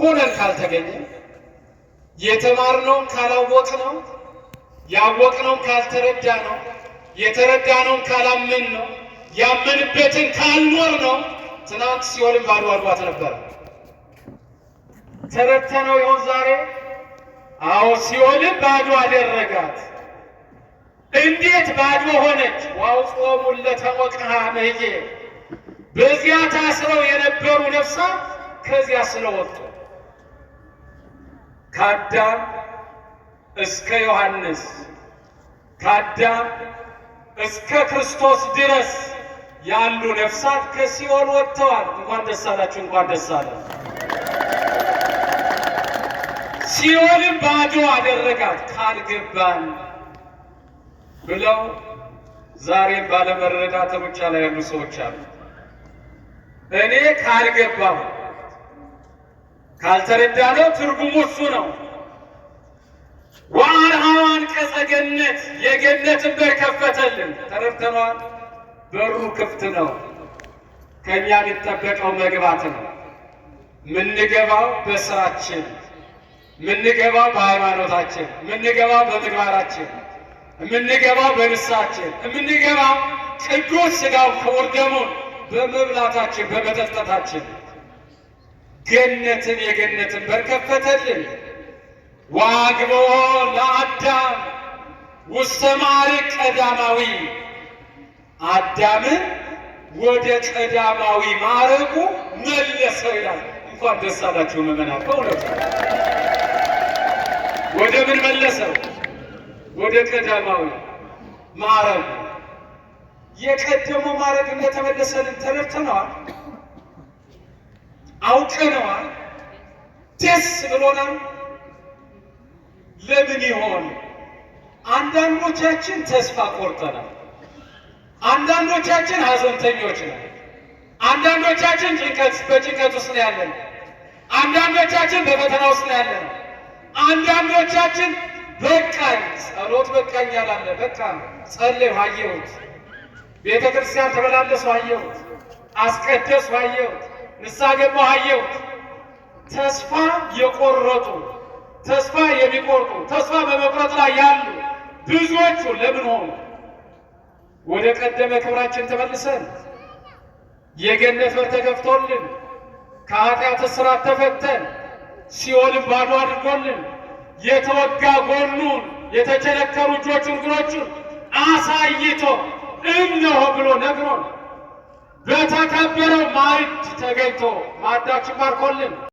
ሆነን ካልተገኘ የተማርነውን ካላወቅ ነው ያወቅነውን ካልተረዳ ነው የተረዳነውን ካላምን ነው ያመንበትን ካልኖር ነው። ትናንት ሲኦልን ባዶ አድርጓት ነበረ። ተረተነው ይሆን ዛሬ? አዎ ሲኦልን ባዶ አደረጋት። እንዴት ባዶ ሆነች? ዋውቆሙ ለተወቅሃ መሄጄ በዚያ ታስረው የነበሩ ነፍሳት ከዚያ ስለወጡ ከአዳም እስከ ዮሐንስ ከአዳም እስከ ክርስቶስ ድረስ ያሉ ነፍሳት ከሲኦል ወጥተዋል። እንኳን ደስ አላችሁ፣ እንኳን ደስ አለ። ሲኦልን ባዶ አደረጋት ካልገባን ብለው ዛሬም ባለመረዳት ሩጫ ላይ ያሉ ሰዎች አሉ። እኔ ካልገባሁ ካልተረዳነው ትርጉሙ እሱ ነው። ወአርሃው አንቀጸ ገነት የገነትን በር ከፈተልን። ተረድተኗል። በሩ ክፍት ነው። ከእኛ የሚጠበቀው መግባት ነው። ምንገባው በስራችን ምንገባው በሃይማኖታችን ምንገባው በምግባራችን የምንገባው በንሳችን የምንገባው ቅዱስ ስጋው ክቡር ደሙን በመብላታችን በመጠጣታችን ገነትን የገነትን በር ከፈተልን። ዋግበኦ ለአዳም ውስተ ማርግ ቀዳማዊ አዳምን ወደ ቀዳማዊ ማረጉ መለሰው ይላል። እንኳን ደስ አላችሁ ምዕመናን። በእውነት ወደ ምን መለሰው? ወደ ቀዳማዊ ማረጉ። የቀደመው ማረግ እንደተመለሰልን ተረድተነዋል። አውቀነዋል፣ ደስ ብሎናል። ለምን ይሆን? አንዳንዶቻችን ተስፋ ቆርጠናል። አንዳንዶቻችን ሀዘንተኞች ነው። አንዳንዶቻችን ጭንቀት በጭንቀት ውስጥ ነው ያለን። አንዳንዶቻችን በፈተና ውስጥ ነው ያለን። አንዳንዶቻችን በቃኝ ጸሎት በቃኝ ያላለ በቃ ጸለይሁ አየሁት፣ ቤተ ክርስቲያን ተመላለስሁ አየሁት፣ አስቀደስሁ አየሁት ንስሐ ገባሁ አየሁት። ተስፋ የቆረጡ ተስፋ የሚቆርጡ ተስፋ በመቁረጥ ላይ ያሉ ብዙዎቹ ለምን ሆኑ? ወደ ቀደመ ክብራችን ተመልሰን የገነት በር ተከፍቶልን ከኃጢአት እስራት ተፈተን ሲኦልን ባዶ አድርጎልን የተወጋ ጎኑን የተቸነከሩ እጆቹን እግሮቹን አሳይቶ እነሆ ብሎ ነግሮን የተከበረው ማዕድ ተገኝቶ ማዕዳችን ባርኮልን